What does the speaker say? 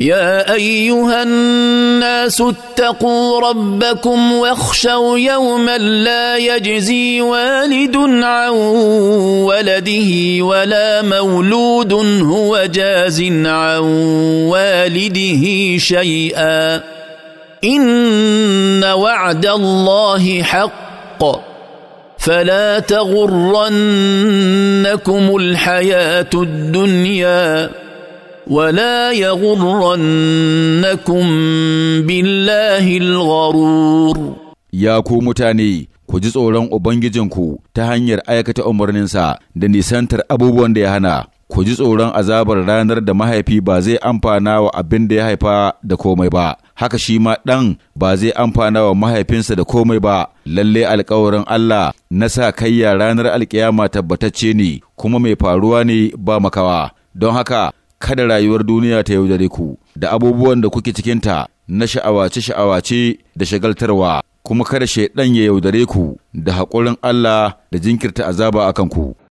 يا ايها الناس اتقوا ربكم واخشوا يوما لا يجزي والد عن ولده ولا مولود هو جاز عن والده شيئا ان وعد الله حق فلا تغرنكم الحياه الدنيا ولا يغرنكم بالله الغرور يا ku mutane ku ji tsoron ubangijinku ta hanyar aikata umarninsa da nisantar abubuwan da ya hana ku ji tsoron azabar ranar da mahaifi ba zai amfana wa abin da ya haifa da komai ba haka shi ma ɗan ba zai amfana wa mahaifinsa da komai ba lalle alkawarin Allah na sa kayya ranar alkiyama tabbatacce ne kuma mai faruwa ne ba makawa don haka kada rayuwar duniya ta yaudare ku da abubuwan da kuke cikinta na sha'awace-sha'awace da shagaltarwa, kuma kada shaiɗan ya yaudare ku da haƙurin Allah da jinkirta azaba a ku.